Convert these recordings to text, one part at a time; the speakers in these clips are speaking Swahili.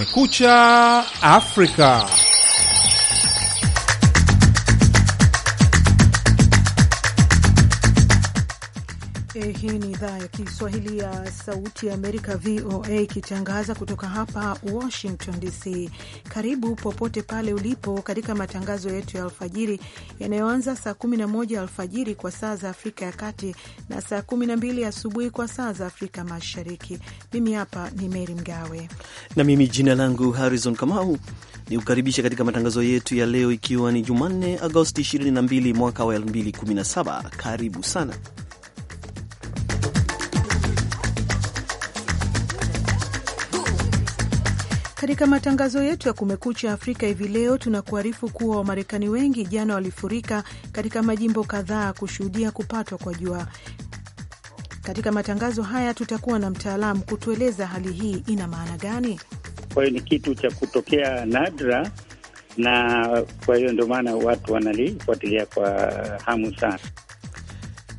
escucha África. Eh, hii ni idhaa ya Kiswahili ya Sauti ya Amerika, VOA, ikitangaza kutoka hapa Washington DC. Karibu popote pale ulipo katika matangazo yetu ya alfajiri yanayoanza saa 11 alfajiri kwa saa za Afrika ya Kati na saa 12 asubuhi kwa saa za Afrika Mashariki. Mimi hapa ni Meri Mgawe na mimi jina langu Harrison Kamau ni kukaribisha katika matangazo yetu ya leo, ikiwa ni Jumanne Agosti 22 mwaka wa 2017. Karibu sana Katika matangazo yetu ya Kumekucha Afrika hivi leo, tunakuarifu kuwa Wamarekani wengi jana walifurika katika majimbo kadhaa kushuhudia kupatwa kwa jua. Katika matangazo haya tutakuwa na mtaalamu kutueleza hali hii ina maana gani. Kwa hiyo ni kitu cha kutokea nadra, na kwa hiyo ndio maana watu wanalifuatilia kwa hamu sana.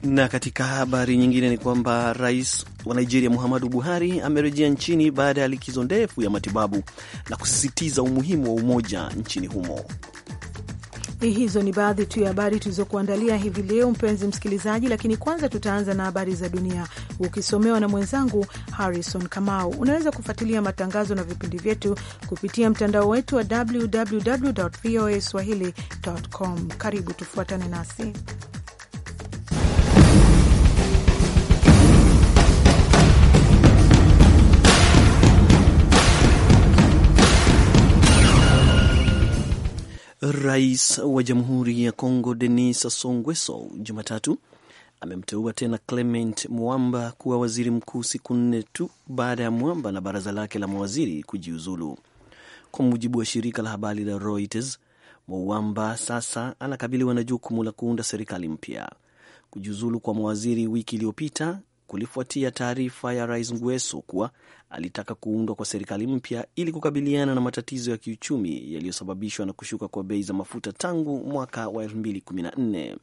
Na katika habari nyingine ni kwamba rais wa Nigeria Muhammadu Buhari amerejea nchini baada ya likizo ndefu ya matibabu na kusisitiza umuhimu wa umoja nchini humo. Hizo ni baadhi tu ya habari tulizokuandalia hivi leo, mpenzi msikilizaji, lakini kwanza tutaanza na habari za dunia ukisomewa na mwenzangu Harrison Kamau. Unaweza kufuatilia matangazo na vipindi vyetu kupitia mtandao wetu wa www voa swahili com. Karibu tufuatane nasi. Rais wa Jamhuri ya Kongo Denis Sassou Nguesso Jumatatu amemteua tena Clement Mwamba kuwa waziri mkuu siku nne tu baada ya Mwamba na baraza lake la mawaziri kujiuzulu. Kwa mujibu wa shirika la habari la Reuters, Mwamba sasa anakabiliwa na jukumu la kuunda serikali mpya. Kujiuzulu kwa mawaziri wiki iliyopita kulifuatia taarifa ya rais Nguesso kuwa alitaka kuundwa kwa serikali mpya ili kukabiliana na matatizo ya kiuchumi yaliyosababishwa na kushuka kwa bei za mafuta tangu mwaka wa 2014.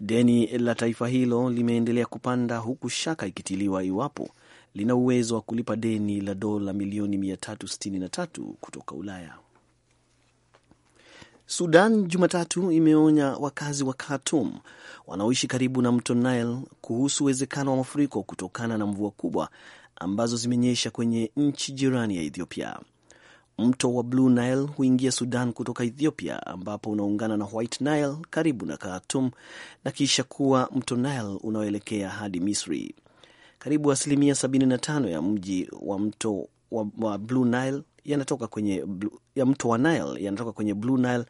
Deni la taifa hilo limeendelea kupanda huku shaka ikitiliwa iwapo lina uwezo wa kulipa deni la dola milioni 363 kutoka Ulaya. Sudan Jumatatu imeonya wakazi wa Khartoum wanaoishi karibu na mto Nile kuhusu uwezekano wa mafuriko kutokana na mvua kubwa ambazo zimenyesha kwenye nchi jirani ya Ethiopia. Mto wa Blue Nile huingia Sudan kutoka Ethiopia, ambapo unaungana na White Nile karibu na Khartoum na kisha kuwa mto Nile unaoelekea hadi Misri. Karibu asilimia 75 ya mji wa mto wa, wa Blue Nile yanatoka kwenye ya mto wa Nile yanatoka kwenye Blue Nile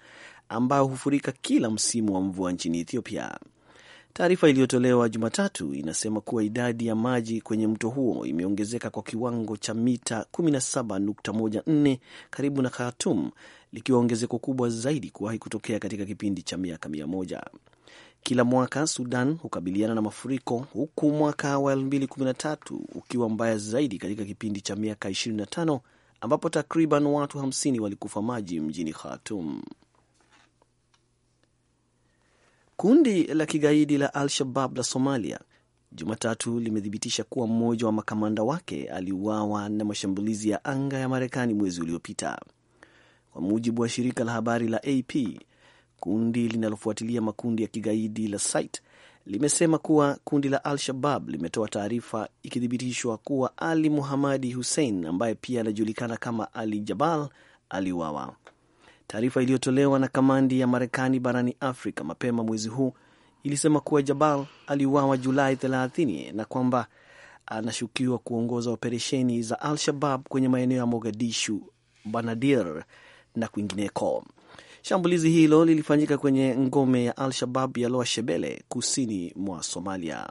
ambayo hufurika kila msimu wa mvua nchini Ethiopia. Taarifa iliyotolewa Jumatatu inasema kuwa idadi ya maji kwenye mto huo imeongezeka kwa kiwango cha mita 17.14 karibu na Khartoum, likiwa ongezeko kubwa zaidi kuwahi kutokea katika kipindi cha miaka mia moja. Kila mwaka Sudan hukabiliana na mafuriko, huku mwaka wa 2013 ukiwa mbaya zaidi katika kipindi cha miaka 25 ambapo takriban watu 50 walikufa maji mjini Khartoum. Kundi la kigaidi la Al-Shabab la Somalia Jumatatu limethibitisha kuwa mmoja wa makamanda wake aliuawa na mashambulizi ya anga ya Marekani mwezi uliopita, kwa mujibu wa shirika la habari la AP. Kundi linalofuatilia makundi ya kigaidi la SITE limesema kuwa kundi la Al-Shabab limetoa taarifa ikithibitishwa kuwa Ali Muhamadi Hussein ambaye pia anajulikana kama Ali Jabal aliuawa. Taarifa iliyotolewa na kamandi ya Marekani barani Afrika mapema mwezi huu ilisema kuwa Jabal aliuawa Julai 30 na kwamba anashukiwa kuongoza operesheni za Al-Shabab kwenye maeneo ya Mogadishu, Banadir na kwingineko. Shambulizi hilo lilifanyika kwenye ngome ya Al-Shabab ya Loa Shebele, kusini mwa Somalia.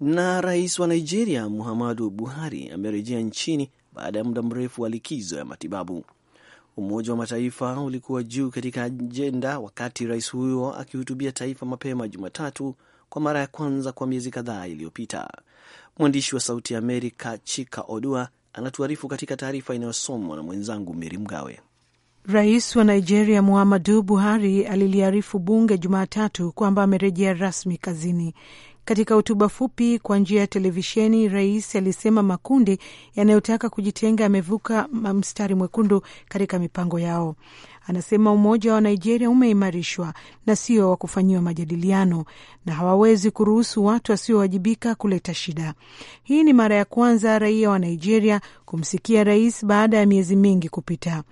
Na rais wa Nigeria Muhammadu Buhari amerejea nchini baada ya muda mrefu wa likizo ya matibabu. Umoja wa Mataifa ulikuwa juu katika ajenda wakati rais huyo akihutubia taifa mapema Jumatatu kwa mara ya kwanza kwa miezi kadhaa iliyopita. Mwandishi wa Sauti ya Amerika Chika Odua anatuarifu katika taarifa inayosomwa na mwenzangu Meri Mgawe. Rais wa Nigeria Muhammadu Buhari aliliarifu bunge Jumatatu kwamba amerejea rasmi kazini katika hotuba fupi kwa njia ya televisheni, rais alisema makundi yanayotaka kujitenga yamevuka mstari mwekundu katika mipango yao. Anasema umoja wa Nigeria umeimarishwa na sio wa kufanyiwa majadiliano, na hawawezi kuruhusu watu wasiowajibika kuleta shida. Hii ni mara ya kwanza raia wa Nigeria kumsikia rais baada ya miezi mingi kupita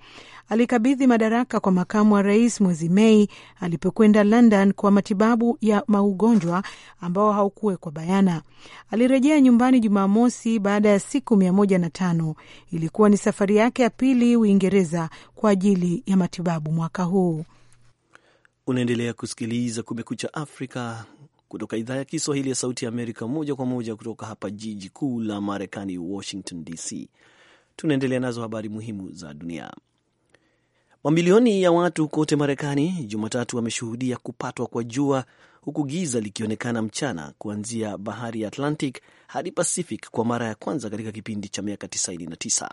alikabidhi madaraka kwa makamu wa rais mwezi Mei alipokwenda London kwa matibabu ya maugonjwa ambao haukuwekwa bayana. Alirejea nyumbani Jumamosi baada ya siku mia moja na tano. Ilikuwa ni safari yake ya pili Uingereza kwa ajili ya matibabu mwaka huu. Unaendelea kusikiliza Kumekucha Afrika kutoka idhaa ya Kiswahili ya Sauti ya Amerika, moja kwa moja kutoka hapa jiji kuu la Marekani, Washington DC. Tunaendelea nazo habari muhimu za dunia. Mamilioni ya watu kote Marekani Jumatatu wameshuhudia kupatwa kwa jua huku giza likionekana mchana kuanzia bahari ya Atlantic hadi Pacific kwa mara ya kwanza katika kipindi cha miaka 99.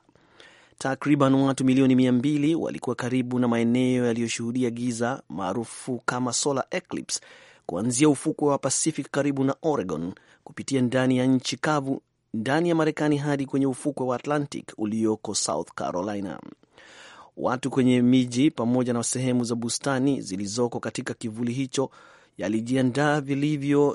Takriban watu milioni 200 walikuwa karibu na maeneo yaliyoshuhudia giza maarufu kama solar eclipse, kuanzia ufukwe wa Pacific karibu na Oregon, kupitia ndani ya nchi kavu ndani ya Marekani hadi kwenye ufukwe wa Atlantic ulioko South Carolina. Watu kwenye miji pamoja na sehemu za bustani zilizoko katika kivuli hicho walijiandaa vilivyo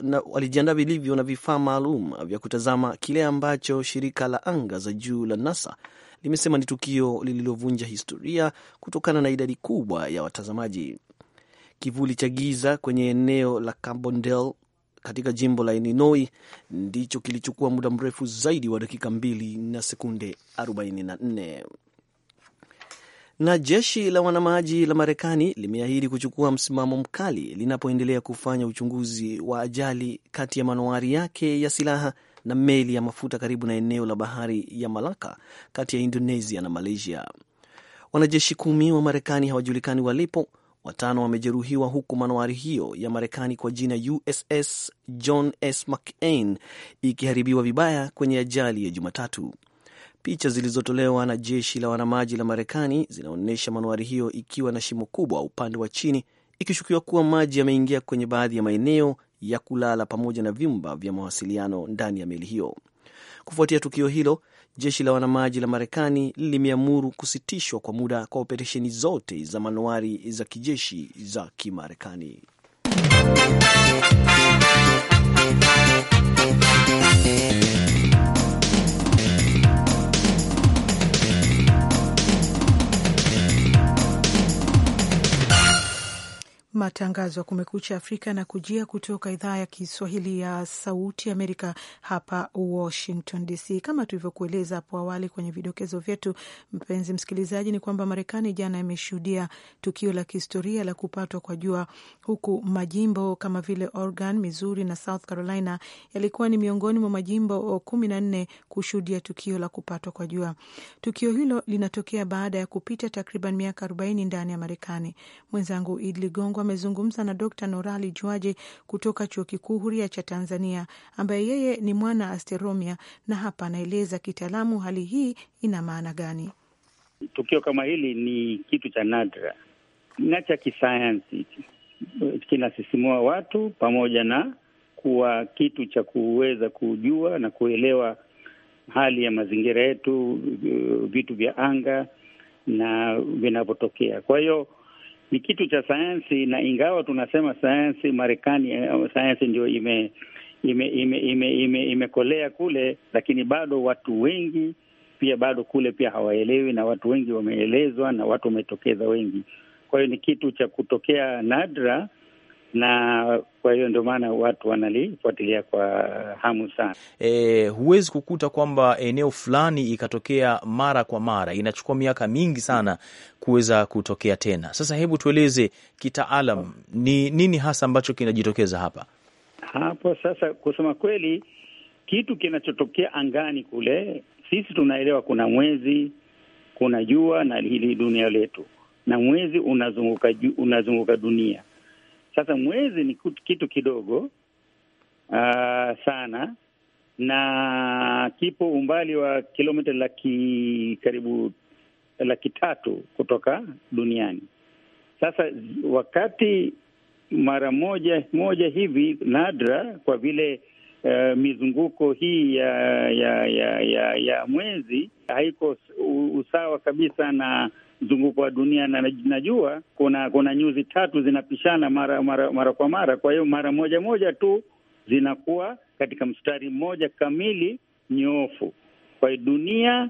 na, na vifaa maalum vya kutazama kile ambacho shirika la anga za juu la NASA limesema ni tukio lililovunja historia kutokana na idadi kubwa ya watazamaji. Kivuli cha giza kwenye eneo la Carbondale katika jimbo la Illinois ndicho kilichukua muda mrefu zaidi wa dakika mbili na sekunde 44. Na jeshi la wanamaji la Marekani limeahidi kuchukua msimamo mkali linapoendelea kufanya uchunguzi wa ajali kati ya manowari yake ya silaha na meli ya mafuta karibu na eneo la bahari ya Malaka kati ya Indonesia na Malaysia. Wanajeshi kumi wa Marekani hawajulikani walipo, watano wamejeruhiwa, huku manowari hiyo ya Marekani kwa jina USS John S. McCain ikiharibiwa vibaya kwenye ajali ya Jumatatu. Picha zilizotolewa na jeshi la wanamaji la Marekani zinaonyesha manuari hiyo ikiwa na shimo kubwa upande wa chini, ikishukiwa kuwa maji yameingia kwenye baadhi ya maeneo ya kulala pamoja na vyumba vya mawasiliano ndani ya meli hiyo. Kufuatia tukio hilo, jeshi la wanamaji la Marekani limeamuru kusitishwa kwa muda kwa operesheni zote za manuari za kijeshi za Kimarekani. Matangazo ya Kumekucha Afrika na kujia kutoka idhaa ya Kiswahili ya Sauti Amerika hapa Washington DC. Kama tulivyokueleza hapo awali kwenye vidokezo vyetu, mpenzi msikilizaji, ni kwamba Marekani jana imeshuhudia tukio la kihistoria la kupatwa kwa jua, huku majimbo kama vile Oregon, Missouri na South Carolina yalikuwa ni miongoni mwa majimbo kumi na nne kushuhudia tukio la kupatwa kwa jua. Tukio hilo linatokea baada ya kupita takriban miaka arobaini ndani ya Marekani. Mwenzangu Id Ligongo amezungumza na Dr Norali Juaje kutoka Chuo Kikuu Huria cha Tanzania, ambaye yeye ni mwana asteromia, na hapa anaeleza kitaalamu hali hii ina maana gani. Tukio kama hili ni kitu cha nadra na cha kisayansi, kinasisimua watu pamoja na kuwa kitu cha kuweza kujua na kuelewa hali ya mazingira yetu, vitu vya anga na vinavyotokea. Kwa hiyo ni kitu cha sayansi, na ingawa tunasema sayansi Marekani, eh, sayansi ndio ime imekolea ime, ime, ime, ime kule, lakini bado watu wengi pia bado kule pia hawaelewi, na watu wengi wameelezwa na watu wametokeza wengi. Kwa hiyo ni kitu cha kutokea nadra na kwa hiyo ndio maana watu wanalifuatilia kwa hamu sana. E, huwezi kukuta kwamba eneo fulani ikatokea mara kwa mara, inachukua miaka mingi sana kuweza kutokea tena. Sasa hebu tueleze kitaalam, ni nini hasa ambacho kinajitokeza hapa hapo? Sasa kusema kweli, kitu kinachotokea angani kule, sisi tunaelewa kuna mwezi, kuna jua na hili dunia letu, na mwezi unazunguka, unazunguka dunia sasa mwezi ni kitu kidogo uh, sana na kipo umbali wa kilomita laki karibu laki tatu kutoka duniani. Sasa wakati mara moja moja hivi nadra, kwa vile uh, mizunguko hii ya ya ya ya, ya mwezi haiko usawa kabisa na mzunguko wa dunia, na najua kuna kuna nyuzi tatu zinapishana mara mara mara kwa mara. Kwa hiyo mara moja moja tu zinakuwa katika mstari mmoja kamili nyoofu. Kwa hiyo dunia,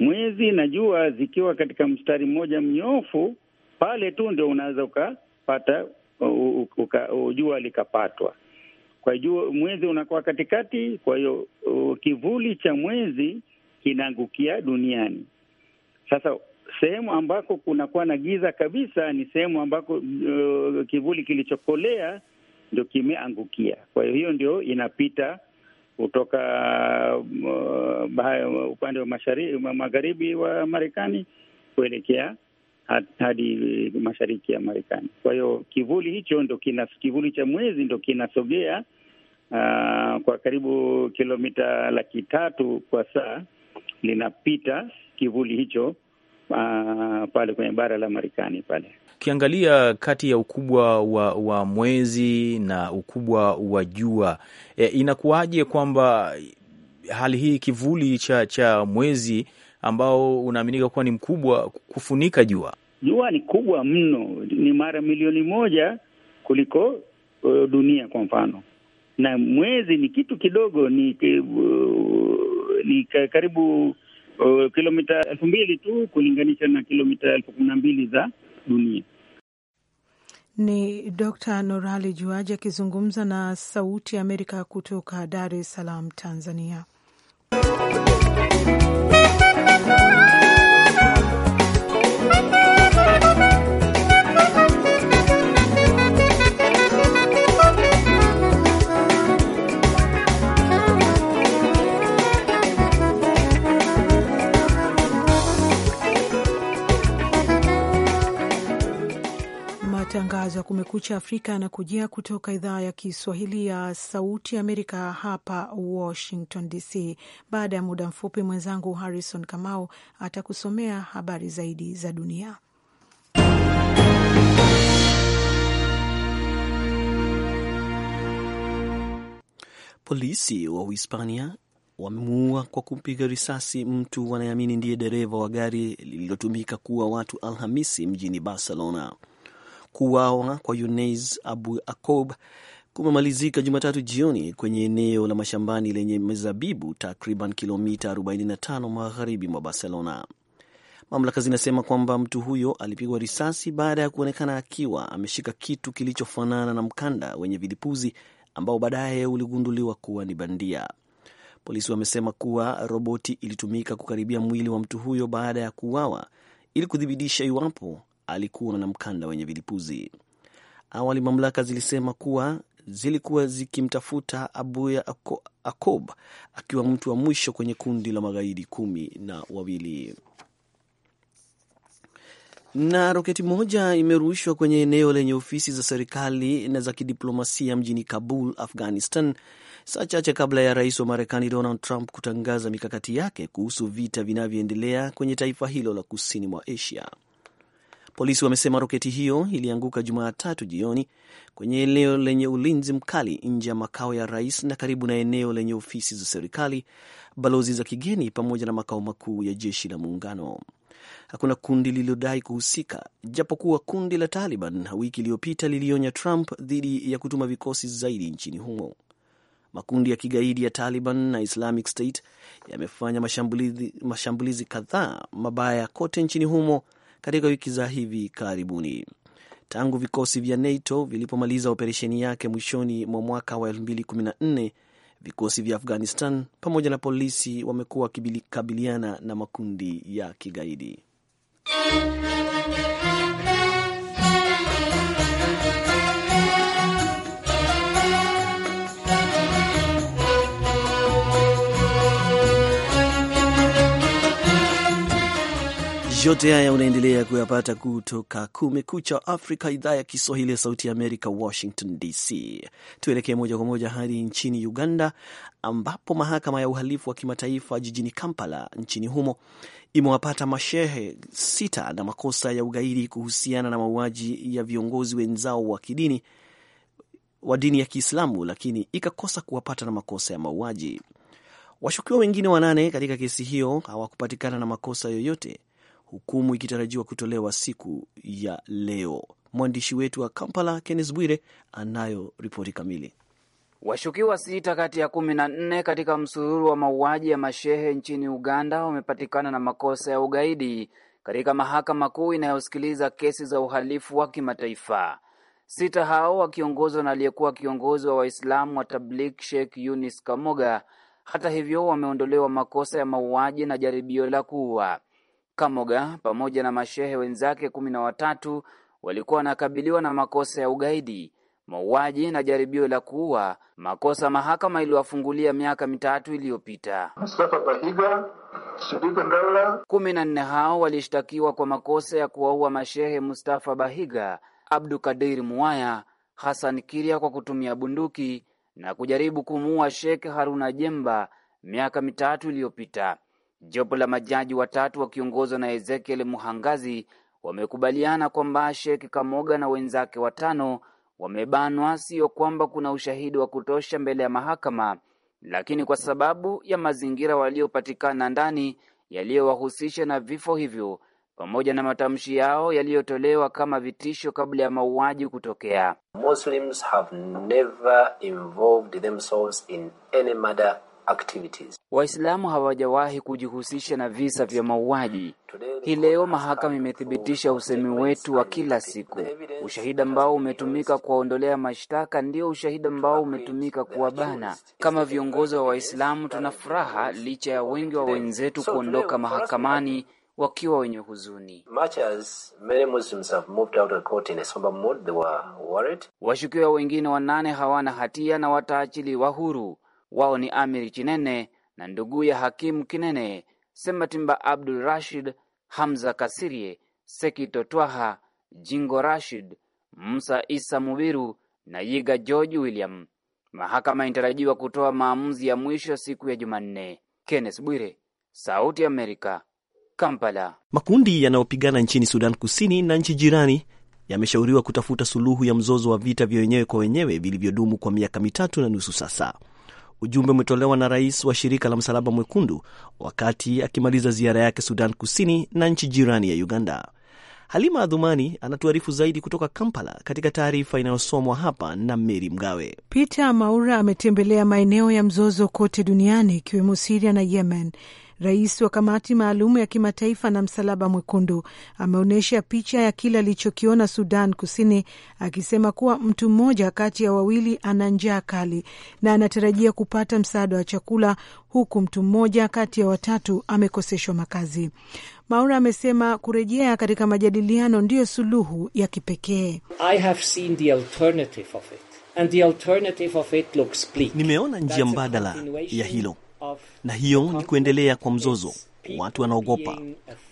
mwezi na jua zikiwa katika mstari mmoja mnyoofu, pale tu ndio unaweza ukapata jua likapatwa. Kwa hiyo mwezi unakuwa katikati, kwa hiyo kivuli cha mwezi kinaangukia duniani. Sasa sehemu ambako kunakuwa na giza kabisa ni sehemu ambako uh, kivuli kilichokolea ndio kimeangukia. Kwa hiyo hiyo ndio inapita kutoka uh, upande wa magharibi wa Marekani kuelekea hadi mashariki ya Marekani. Kwa hiyo kivuli hicho ndo kina, kivuli cha mwezi ndo kinasogea uh, kwa karibu kilomita laki tatu kwa saa linapita kivuli hicho uh, pale kwenye bara la Marekani pale. Ukiangalia kati ya ukubwa wa, wa mwezi na ukubwa wa jua e, inakuwaje kwamba hali hii kivuli cha cha mwezi ambao unaaminika kuwa ni mkubwa kufunika jua? Jua ni kubwa mno, ni mara milioni moja kuliko uh, dunia kwa mfano, na mwezi ni kitu kidogo, ni, uh, ni karibu uh, kilomita elfu mbili tu kulinganisha na kilomita elfu kumi na mbili za dunia. Ni Dr. Norali Juaji akizungumza na Sauti ya Amerika kutoka Dar es Salaam, Tanzania. Matangazo ya Kumekucha Afrika yanakujia kutoka idhaa ya Kiswahili ya Sauti Amerika, hapa Washington DC. Baada ya muda mfupi, mwenzangu Harrison Kamau atakusomea habari zaidi za dunia. Polisi wa Uhispania wamemuua kwa kumpiga risasi mtu wanayeamini ndiye dereva wa gari lililotumika kuwa watu Alhamisi mjini Barcelona. Kuuawa kwa Younes Abu Akob kumemalizika Jumatatu jioni kwenye eneo la mashambani lenye mizabibu takriban kilomita 45 magharibi mwa Barcelona. Mamlaka zinasema kwamba mtu huyo alipigwa risasi baada ya kuonekana akiwa ameshika kitu kilichofanana na mkanda wenye vilipuzi ambao baadaye uligunduliwa kuwa ni bandia. Polisi wamesema kuwa roboti ilitumika kukaribia mwili wa mtu huyo baada ya kuuawa ili kuthibitisha iwapo alikuwa na mkanda wenye vilipuzi. Awali mamlaka zilisema kuwa zilikuwa zikimtafuta Abuya Akob akiwa mtu wa mwisho kwenye kundi la magaidi kumi na wawili. Na roketi moja imerushwa kwenye eneo lenye ofisi za serikali na za kidiplomasia mjini Kabul, Afghanistan, saa chache kabla ya rais wa Marekani Donald Trump kutangaza mikakati yake kuhusu vita vinavyoendelea kwenye taifa hilo la kusini mwa Asia. Polisi wamesema roketi hiyo ilianguka Jumatatu jioni kwenye eneo lenye ulinzi mkali nje ya makao ya rais na karibu na eneo lenye ofisi za serikali, balozi za kigeni, pamoja na makao makuu ya jeshi la muungano. Hakuna kundi lililodai kuhusika, japokuwa kundi la Taliban wiki iliyopita lilionya Trump dhidi ya kutuma vikosi zaidi nchini humo. Makundi ya kigaidi ya Taliban na Islamic State yamefanya mashambulizi, mashambulizi kadhaa mabaya kote nchini humo katika wiki za hivi karibuni. Tangu vikosi vya NATO vilipomaliza operesheni yake mwishoni mwa mwaka wa 2014 vikosi vya Afghanistan pamoja na polisi wamekuwa wakikabiliana na makundi ya kigaidi. Yote haya unaendelea kuyapata kutoka Kumekucha Afrika, idhaa ya Kiswahili ya Sauti ya Amerika, Washington DC. Tuelekee moja kwa moja hadi nchini Uganda, ambapo mahakama ya uhalifu wa kimataifa jijini Kampala nchini humo imewapata mashehe sita na makosa ya ugaidi kuhusiana na mauaji ya viongozi wenzao wa kidini wa dini ya Kiislamu, lakini ikakosa kuwapata na makosa ya mauaji. Washukiwa wengine wanane katika kesi hiyo hawakupatikana na makosa yoyote hukumu ikitarajiwa kutolewa siku ya leo. Mwandishi wetu wa Kampala, Kennes Bwire, anayo ripoti kamili. Washukiwa sita kati ya kumi na nne katika msururu wa mauaji ya mashehe nchini Uganda wamepatikana na makosa ya ugaidi katika mahakama kuu inayosikiliza kesi za uhalifu wa kimataifa. Sita hao wakiongozwa na aliyekuwa kiongozi wa Waislamu wa Tablik, Sheikh Yunis Kamoga. Hata hivyo, wameondolewa makosa ya mauaji na jaribio la kuua. Kamoga pamoja na mashehe wenzake kumi na watatu walikuwa wanakabiliwa na makosa ya ugaidi, mauaji na jaribio la kuua, makosa mahakama iliwafungulia miaka mitatu iliyopita. Mustafa Bahiga, Ndala. Kumi na nne hao walishtakiwa kwa makosa ya kuwaua mashehe Mustafa Bahiga, Abdu Kadir Muaya, Hasan Kiria kwa kutumia bunduki na kujaribu kumuua Sheikh Haruna Jemba miaka mitatu iliyopita. Jopo la majaji watatu wakiongozwa na Ezekiel Muhangazi wamekubaliana kwamba Sheikh Kamoga na wenzake watano wamebanwa, sio kwamba kuna ushahidi wa kutosha mbele ya mahakama, lakini kwa sababu ya mazingira waliopatikana ndani yaliyowahusisha na vifo hivyo, pamoja na matamshi yao yaliyotolewa kama vitisho kabla ya mauaji kutokea. Muslims have never involved themselves in any murder Waislamu hawajawahi kujihusisha na visa vya mauaji. Hii leo mahakama imethibitisha usemi wetu wa kila siku. Ushahidi ambao umetumika kuwaondolea mashtaka ndio ushahidi ambao umetumika kuwabana. Kama viongozi wa Waislamu tuna furaha licha ya wengi wa wenzetu kuondoka mahakamani wakiwa wenye huzuni. Washukiwa wengine wanane hawana hatia na wataachiliwa huru wao ni Amiri Chinene na ya Hakimu Kinene, Sematimba Abdul Rashid, Hamza Kasirie, Sekito Twaha, Jingo Rashid, Musa Isa Mubiru na Yiga George William. Mahakama inatarajiwa kutoa maamuzi ya mwisho siku ya Jumanne. Kenneth Bwire, Sauti ya Amerika, Kampala. Makundi yanayopigana nchini Sudan Kusini na nchi jirani yameshauriwa kutafuta suluhu ya mzozo wa vita vya wenyewe kwa wenyewe vilivyodumu kwa miaka mitatu na nusu sasa. Ujumbe umetolewa na rais wa shirika la Msalaba Mwekundu wakati akimaliza ziara yake Sudan Kusini na nchi jirani ya Uganda. Halima Adhumani anatuarifu zaidi kutoka Kampala katika taarifa inayosomwa hapa na Meri Mgawe. Peter Maura ametembelea maeneo ya mzozo kote duniani ikiwemo Siria na Yemen Rais wa kamati maalum ya kimataifa na Msalaba Mwekundu ameonyesha picha ya kile alichokiona Sudan Kusini, akisema kuwa mtu mmoja kati ya wawili ana njaa kali na anatarajia kupata msaada wa chakula, huku mtu mmoja kati ya watatu amekoseshwa makazi. Maura amesema kurejea katika majadiliano ndiyo suluhu ya kipekee. Nimeona njia mbadala ya hilo na hiyo ni kuendelea kwa mzozo. Watu wanaogopa,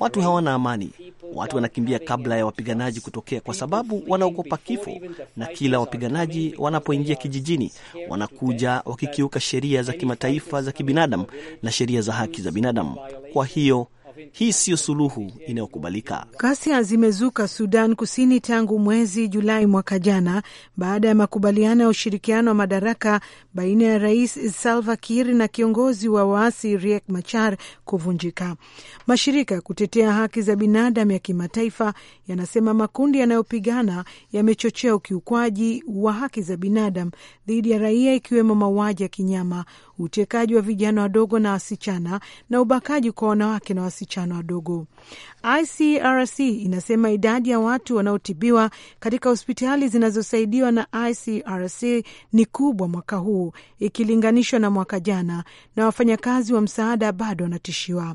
watu hawana amani, watu wanakimbia kabla ya wapiganaji kutokea, kwa sababu wanaogopa kifo. Na kila wapiganaji wanapoingia kijijini, wanakuja wakikiuka sheria za kimataifa za kibinadamu na sheria za haki za binadamu. Kwa hiyo hii siyo suluhu inayokubalika. Ghasia zimezuka Sudan Kusini tangu mwezi Julai mwaka jana baada ya makubaliano ya ushirikiano wa madaraka baina ya Rais Salva Kiir na kiongozi wa waasi Riek Machar kuvunjika. Mashirika ya kutetea haki za binadamu ya kimataifa yanasema makundi yanayopigana yamechochea ukiukwaji wa haki za binadamu dhidi ya raia, ikiwemo mauaji ya kinyama, utekaji wa vijana wadogo na wasichana na ubakaji kwa wanawake na wasichana wasichana wadogo. ICRC inasema idadi ya watu wanaotibiwa katika hospitali zinazosaidiwa na ICRC ni kubwa mwaka huu ikilinganishwa na mwaka jana, na wafanyakazi wa msaada bado wanatishiwa.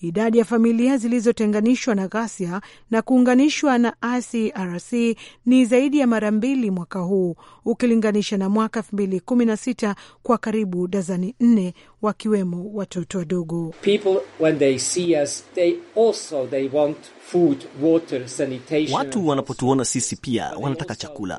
Idadi ya familia zilizotenganishwa na ghasia na kuunganishwa na ICRC ni zaidi ya mara mbili mwaka huu ukilinganisha na mwaka 2016 kwa karibu dazani nne, wakiwemo watoto wadogo. People when they see us, they also, they they want food, water, sanitation. Watu wanapotuona sisi pia wanataka chakula,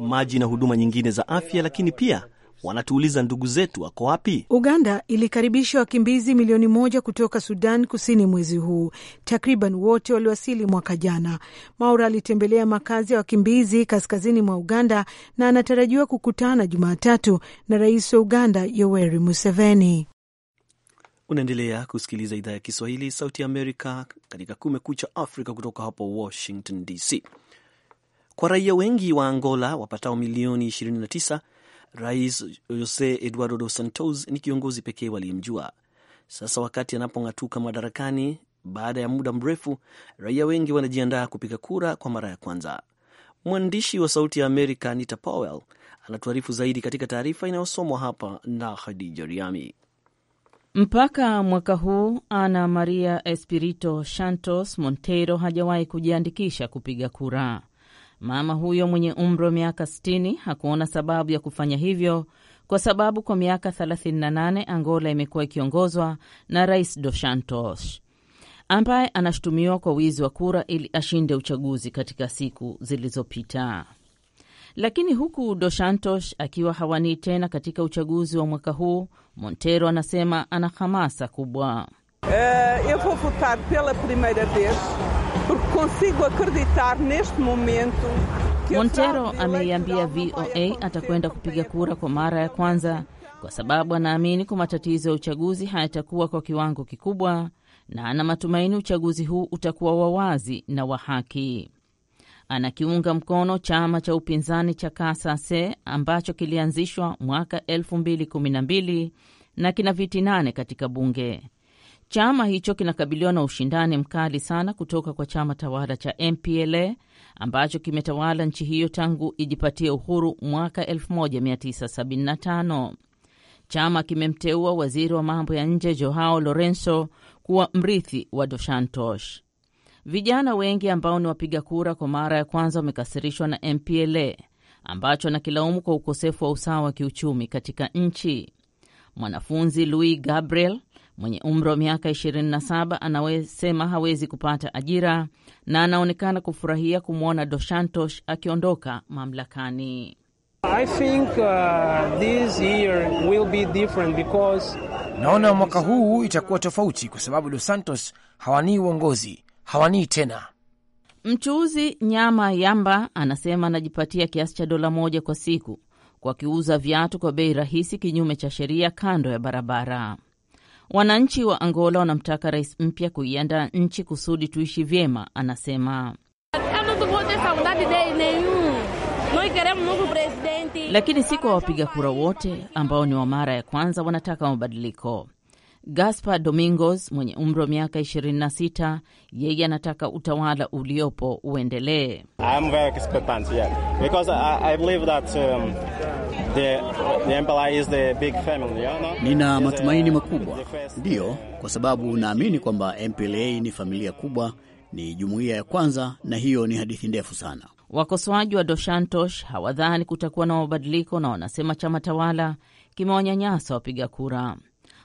maji na huduma nyingine za afya, lakini pia wanatuuliza ndugu zetu wako wapi? Uganda ilikaribisha wakimbizi milioni moja kutoka Sudan Kusini mwezi huu, takriban wote waliwasili mwaka jana. Maura alitembelea makazi ya wakimbizi kaskazini mwa Uganda na anatarajiwa kukutana Jumatatu na rais wa Uganda Yoweri Museveni. Unaendelea kusikiliza idhaa ya Kiswahili Sauti Amerika katika Kumekucha Afrika kutoka hapo Washington DC. Kwa raia wengi wa Angola wapatao milioni 29, Rais Jose Eduardo Dos Santos ni kiongozi pekee waliyemjua. Sasa wakati anapong'atuka madarakani baada ya muda mrefu, raia wengi wanajiandaa kupiga kura kwa mara ya kwanza. Mwandishi wa Sauti ya Amerika Nita Powell anatuarifu zaidi katika taarifa inayosomwa hapa na hadija Riami. Mpaka mwaka huu Ana Maria Espirito Santos Monteiro hajawahi kujiandikisha kupiga kura. Mama huyo mwenye umri wa miaka 60 hakuona sababu ya kufanya hivyo kwa sababu kwa miaka 38 Angola imekuwa ikiongozwa na Rais Dos Santos ambaye anashutumiwa kwa wizi wa kura ili ashinde uchaguzi katika siku zilizopita. Lakini huku Dos Santos akiwa hawanii tena katika uchaguzi wa mwaka huu Montero anasema ana hamasa kubwa. Uh, eu vou votar pela primeira vez porque consigo acreditar neste momento. Montero ameiambia VOA atakwenda kupiga kura kwa mara ya kwanza kwa sababu anaamini kwa matatizo ya uchaguzi hayatakuwa kwa kiwango kikubwa, na ana matumaini uchaguzi huu utakuwa wa wazi na wa haki anakiunga mkono chama cha upinzani cha Kasase ambacho kilianzishwa mwaka 2012 na kina viti nane katika bunge. Chama hicho kinakabiliwa na ushindani mkali sana kutoka kwa chama tawala cha MPLA ambacho kimetawala nchi hiyo tangu ijipatie uhuru mwaka 1975. Chama kimemteua waziri wa mambo ya nje Joao Lorenzo kuwa mrithi wa Dos Santos. Vijana wengi ambao ni wapiga kura kwa mara ya kwanza wamekasirishwa na MPLA ambacho anakilaumu kwa ukosefu wa usawa wa kiuchumi katika nchi. Mwanafunzi Louis Gabriel mwenye umri wa miaka 27 anasema hawezi kupata ajira na anaonekana kufurahia kumwona Doshantosh akiondoka mamlakani. I think, uh, this year will be different because... naona mwaka huu itakuwa tofauti kwa sababu Dos Santos hawanii uongozi hawanii tena. Mchuuzi nyama Yamba anasema anajipatia kiasi cha dola moja kwa siku kwa kiuza viatu kwa bei rahisi kinyume cha sheria kando ya barabara. Wananchi wa Angola wanamtaka rais mpya kuiandaa nchi kusudi tuishi vyema, anasema lakini si kwa wapiga kura wote ambao ni wa mara ya kwanza wanataka mabadiliko. Gaspar Domingos mwenye umri wa miaka 26, yeye anataka utawala uliopo uendelee. Nina matumaini makubwa, ndiyo, kwa sababu naamini kwamba MPLA ni familia kubwa, ni jumuiya ya kwanza, na hiyo ni hadithi ndefu sana. Wakosoaji wa Doshantosh hawadhani kutakuwa na mabadiliko na wanasema chama tawala kimewanyanyasa wapiga kura.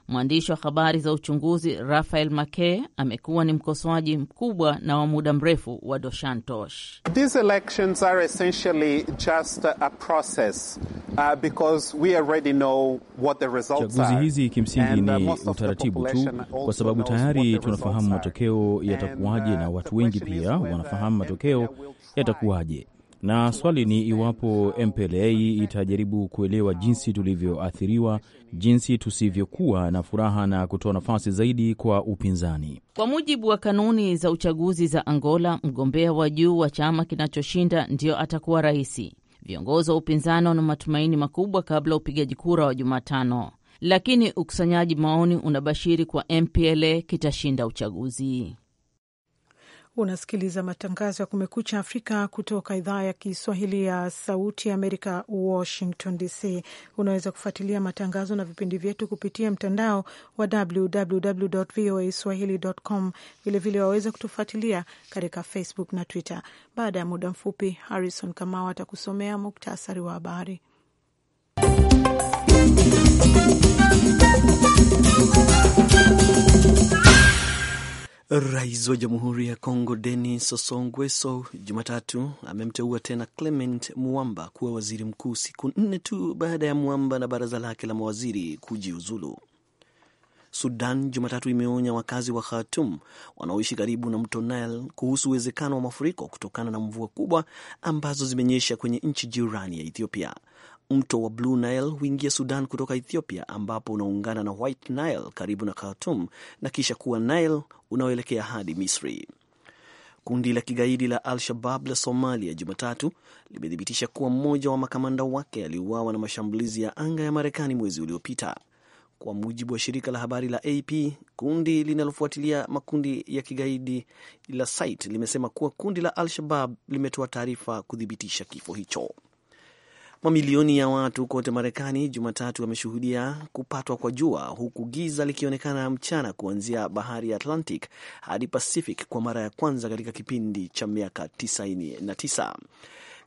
Mwandishi wa habari za uchunguzi Rafael Make amekuwa ni mkosoaji mkubwa na wa muda mrefu wa Dos Santos. Chaguzi hizi kimsingi uh, ni utaratibu tu, kwa sababu tayari tunafahamu matokeo uh, yatakuwaje, na watu wengi pia wanafahamu matokeo yatakuwaje na swali ni iwapo MPLA itajaribu kuelewa jinsi tulivyoathiriwa, jinsi tusivyokuwa na furaha na kutoa nafasi zaidi kwa upinzani. Kwa mujibu wa kanuni za uchaguzi za Angola, mgombea wa juu wa chama kinachoshinda ndiyo atakuwa rahisi Viongozi wa upinzani wana matumaini makubwa kabla upigaji kura wa Jumatano, lakini ukusanyaji maoni unabashiri kwa MPLA kitashinda uchaguzi. Unasikiliza matangazo ya Kumekucha Afrika kutoka idhaa ya Kiswahili ya Sauti Amerika, Washington DC. Unaweza kufuatilia matangazo na vipindi vyetu kupitia mtandao wa www voa swahili.com. Vilevile waweza kutufuatilia katika Facebook na Twitter. Baada ya muda mfupi, Harrison Kamau atakusomea muktasari wa habari. Rais wa Jamhuri ya Kongo Denis Sassou Nguesso Jumatatu amemteua tena Clement Muamba kuwa waziri mkuu siku nne tu baada ya mwamba na baraza lake la mawaziri kujiuzulu. Sudan Jumatatu imeonya wakazi wa Khartoum wanaoishi karibu na mto Nile kuhusu uwezekano wa mafuriko kutokana na mvua kubwa ambazo zimenyesha kwenye nchi jirani ya Ethiopia. Mto wa Blue Nile huingia Sudan kutoka Ethiopia, ambapo unaungana na White Nile karibu na Khartum na kisha kuwa Nile unaoelekea hadi Misri. Kundi la kigaidi la Al-Shabab la Somalia Jumatatu limethibitisha kuwa mmoja wa makamanda wake aliuawa na mashambulizi ya anga ya Marekani mwezi uliopita, kwa mujibu wa shirika la habari la AP. Kundi linalofuatilia makundi ya kigaidi la SITE limesema kuwa kundi la Al-Shabab limetoa taarifa kuthibitisha kifo hicho. Mamilioni ya watu kote Marekani Jumatatu wameshuhudia kupatwa kwa jua huku giza likionekana mchana kuanzia bahari ya Atlantic hadi Pacific kwa mara ya kwanza katika kipindi cha miaka 99.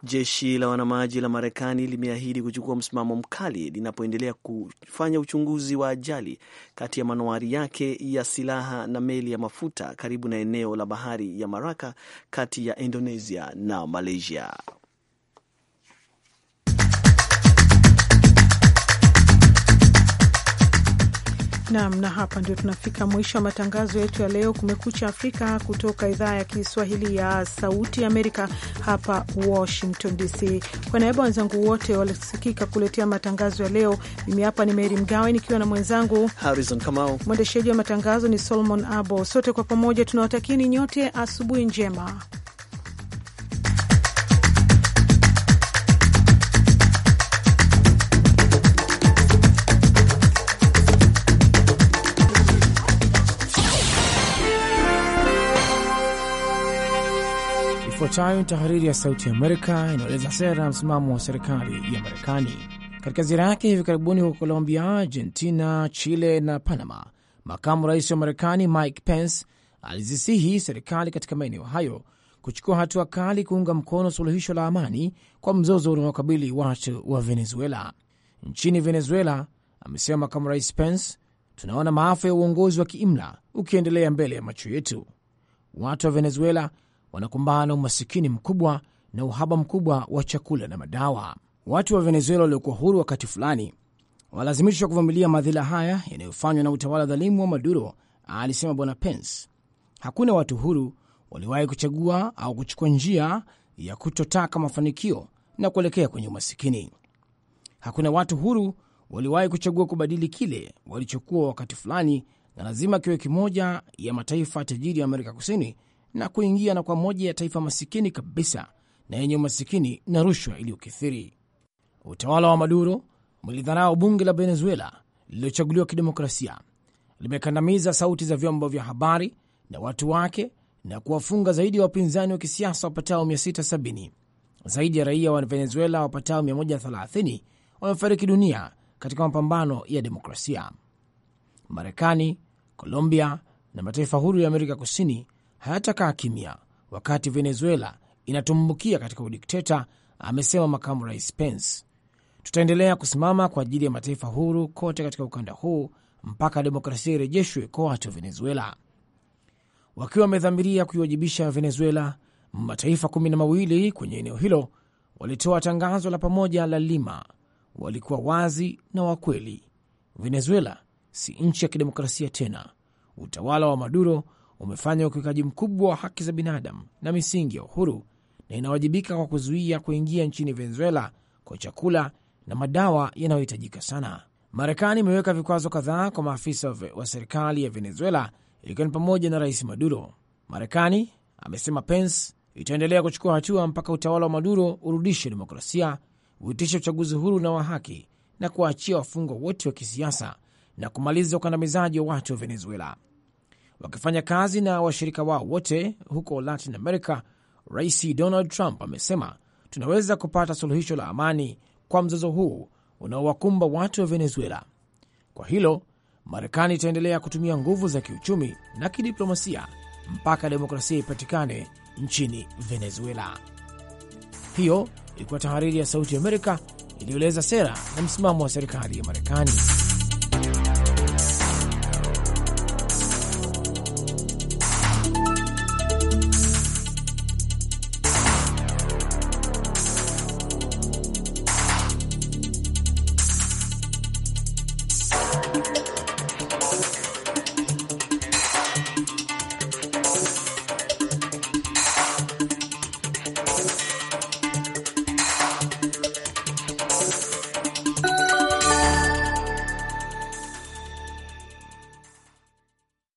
Jeshi la wanamaji la Marekani limeahidi kuchukua msimamo mkali linapoendelea kufanya uchunguzi wa ajali kati ya manowari yake ya silaha na meli ya mafuta karibu na eneo la bahari ya Maraka kati ya Indonesia na Malaysia. Nam, na hapa ndio tunafika mwisho wa matangazo yetu ya leo, Kumekucha Afrika, kutoka idhaa ya Kiswahili ya Sauti Amerika hapa Washington DC. Kwa niaba wenzangu wote walisikika kuletea matangazo ya leo, mimi hapa ni Meri Mgawe nikiwa na mwenzangu Harrison Kamau. Mwendeshaji wa matangazo ni Solomon Abo. Sote kwa pamoja tunawatakini nyote asubuhi njema. Ifuatayo ni tahariri ya Sauti ya Amerika inaeleza sera na msimamo wa serikali ya Marekani. Katika ziara yake hivi karibuni huko Colombia, Argentina, Chile na Panama, makamu rais wa Marekani Mike Pence alizisihi serikali katika maeneo hayo kuchukua hatua kali kuunga mkono suluhisho la amani kwa mzozo unaokabili watu wa Venezuela. Nchini Venezuela, amesema makamu rais Pence, tunaona maafa ya uongozi wa kiimla ukiendelea mbele ya macho yetu. Watu wa Venezuela wanakumbana na umasikini mkubwa na uhaba mkubwa wa chakula na madawa. Watu wa Venezuela waliokuwa huru wakati fulani walazimishwa kuvumilia madhila haya yanayofanywa na utawala dhalimu wa Maduro, alisema Bwana Pence. Hakuna watu huru waliwahi kuchagua au kuchukua njia ya kutotaka mafanikio na kuelekea kwenye umasikini. Hakuna watu huru waliwahi kuchagua kubadili kile walichokuwa wakati fulani, na lazima kiwe kimoja ya mataifa tajiri ya Amerika Kusini na kuingia na kwa moja ya taifa masikini kabisa na yenye umasikini na rushwa iliyokithiri. Utawala wa Maduro umelidharau bunge la Venezuela lililochaguliwa kidemokrasia, limekandamiza sauti za vyombo vya habari na watu wake na kuwafunga zaidi ya wapinzani wa kisiasa wapatao 670. Zaidi ya raia wa Venezuela wapatao 130 wamefariki dunia katika mapambano ya demokrasia. Marekani, Colombia na mataifa huru ya Amerika Kusini hayatakaa kimya wakati Venezuela inatumbukia katika udikteta, amesema makamu rais Pence. Tutaendelea kusimama kwa ajili ya mataifa huru kote katika ukanda huu mpaka demokrasia irejeshwe kwa watu wa Venezuela. Wakiwa wamedhamiria kuiwajibisha Venezuela, mataifa kumi na mawili kwenye eneo hilo walitoa tangazo la pamoja la Lima. Walikuwa wazi na wakweli: Venezuela si nchi ya kidemokrasia tena. Utawala wa Maduro umefanya ukiukaji mkubwa wa haki za binadamu na misingi ya uhuru na inawajibika kwa kuzuia kuingia nchini Venezuela kwa chakula na madawa yanayohitajika sana. Marekani imeweka vikwazo kadhaa kwa maafisa wa serikali ya Venezuela, ikiwa ni pamoja na Rais Maduro. Marekani, amesema Pence, itaendelea kuchukua hatua mpaka utawala wa Maduro urudishe demokrasia, uitishe uchaguzi huru na wa haki, na kuwaachia wafungwa wote wa kisiasa na kumaliza ukandamizaji wa watu wa Venezuela wakifanya kazi na washirika wao wote huko Latin America. Rais Donald Trump amesema tunaweza kupata suluhisho la amani kwa mzozo huu unaowakumba watu wa Venezuela. Kwa hilo, Marekani itaendelea kutumia nguvu za kiuchumi na kidiplomasia mpaka demokrasia ipatikane nchini Venezuela. Hiyo ilikuwa tahariri ya Sauti ya Amerika iliyoeleza sera na msimamo wa serikali ya Marekani.